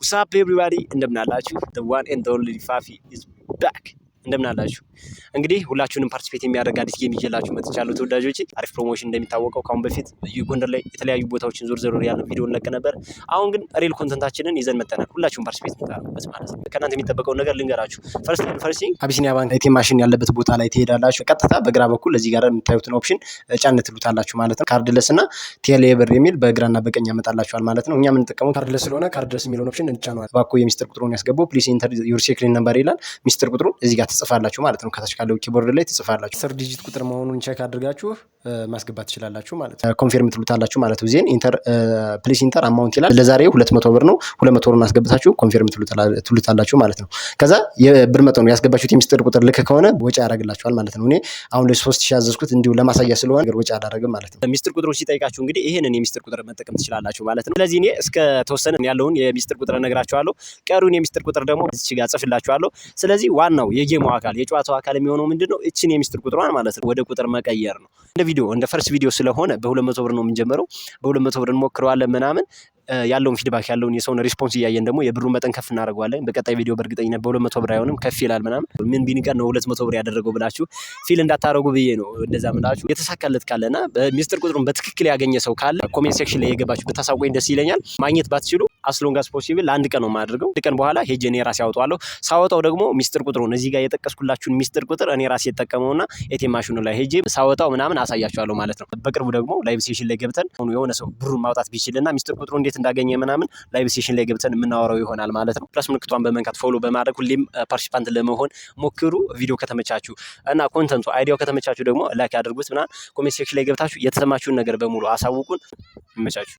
What's up everybody? እንደምን አላችሁ? The one and only Fafi is back. እንደምን አላችሁ? እንግዲህ ሁላችሁንም ፓርቲስፔት የሚያደርግ አዲስ ጌም ይዤላችሁ መጥቻለሁ ተወዳጆች። አሪፍ ፕሮሞሽን እንደሚታወቀው ከአሁን በፊት ጎንደር ላይ የተለያዩ ቦታዎችን ዞር ዞር ያለ ቪዲዮ እንለቅ ነበር። አሁን ግን ሪል ኮንተንታችንን ይዘን መጠናል። ሁላችሁም ፓርቲስፔት ምታበት ማለት ነው። ከእናንተ የሚጠበቀውን ነገር ልንገራችሁ። ፈርስት ፈርሲንግ አቢሲኒያ ባንክ ኤቲኤም ማሽን ያለበት ቦታ ላይ ትሄዳላችሁ። ቀጥታ በግራ በኩል እዚህ ጋር የምታዩትን ኦፕሽን ጫን ትሉታላችሁ ማለት ነው። ካርድለስ እና ቴሌ ብር የሚል በግራና በቀኝ ያመጣላችኋል ማለት ነው። እኛ የምንጠቀመው ካርድለስ ስለሆነ ካርድለስ የሚለውን ኦፕሽን እንጫነዋል። ባኮ የሚስጥር ቁጥሩን ያስገባው ፕሊስ ኢንተር ዩር ሴክሪን ነምበር ይላል። ሚስጥር ቁጥሩ እዚህ ጋር ትጽፋላችሁ ማለት ነው። ከታች ካለው ኪቦርድ ላይ ትጽፋላችሁ። አስር ዲጂት ቁጥር መሆኑን ቼክ አድርጋችሁ ማስገባት ትችላላችሁ ማለት ነው። ኮንፊርም ትሉታላችሁ ማለት ነው። ዜን ኢንተር ፕሊስ ኢንተር አማውንት ይላል። ለዛሬ ሁለት መቶ ብር ነው። ሁለት መቶ ብሩን አስገብታችሁ ኮንፊርም ትሉታላችሁ ማለት ነው። ከዛ የብር መጠኑ ያስገባችሁት የምስጢር ቁጥር ልክ ከሆነ ወጪ ያደርግላችኋል ማለት ነው። እኔ አሁን ለሶስት ሺህ ያዘዝኩት እንዲሁ ለማሳያ ስለሆነ ነገር ወጪ አላደርግም ማለት ነው። ሚስጥር ቁጥሩ ሲጠይቃችሁ እንግዲህ ይህንን የሚስጥር ቁጥር መጠቀም ትችላላችሁ ማለት ነው። ስለዚህ እኔ እስከ ተወሰነ ያለውን የሚስጥር ቁጥር እነግራችኋለሁ። ቀሪውን የሚስጥር ቁጥር ደግሞ እዚች ጋር ጽፍላችኋለሁ። ስለዚህ ዋናው የጌማው አካል የጨዋታው አካል የሚሆነው ምንድን ነው? እችን የሚስጥር ቁጥሯን ማለት ነው ወደ ቁጥር መቀየር ነው። እንደ ቪዲዮ እንደ ፈርስት ቪዲዮ ስለሆነ በሁለት መቶ ብር ነው የምንጀምረው። በሁለት መቶ ብር እንሞክረዋለን ምናምን ያለውን ፊድባክ ያለውን የሰውን ሪስፖንስ እያየን ደግሞ የብሩን መጠን ከፍ እናደርገዋለን። በቀጣይ ቪዲዮ በእርግጠኝነት በሁለት መቶ ብር አይሆንም ከፍ ይላል ምናምን ምን ቢንቀር ነው ሁለት መቶ ብር ያደረገው ብላችሁ ፊል እንዳታረጉ ብዬ ነው እንደዛ ምላችሁ። የተሳካለት ካለና ሚስጥር ቁጥሩን በትክክል ያገኘ ሰው ካለ ኮሜንት ሴክሽን ላይ የገባችሁ ብታሳውቁኝ ደስ ይለኛል። ማግኘት ባትችሉ አስሎንጋስ ፖሲብል ለአንድ ቀን ነው የማደርገው። አንድ ቀን በኋላ ሄጄ እኔ ራሴ አውጠዋለሁ። ሳወጣው ደግሞ ሚስጥር ቁጥሩን እዚህ ጋር የጠቀስኩላችሁን ሚስጥር ቁጥር እኔ ራሴ የጠቀመውና ኤቲኤም ማሽኑ ላይ ሄጄ ሳወጣው ምናምን አሳያችኋለሁ ማለት ነው። በቅርቡ ደግሞ ላይቭ ሴሽን ላይ ገብተን የሆነ ሰው ብሩን ማውጣት ቢችልና ሚስጥር ቁጥሩ እንዴት እንዳገኘ ምናምን ላይቭ ሴሽን ላይ ገብተን የምናወራው ይሆናል ማለት ነው። ፕላስ ምልክቷን በመንካት ፎሎ በማድረግ ሁሌም ፓርቲሲፓንት ለመሆን ሞክሩ። ቪዲዮ ከተመቻችሁ እና ኮንተንቱ አይዲያው ከተመቻችሁ ደግሞ ላይክ አድርጉት ምናምን። ኮሜንት ሴክሽን ላይ ገብታችሁ የተሰማችሁን ነገር በሙሉ አሳውቁን። ይመቻችሁ።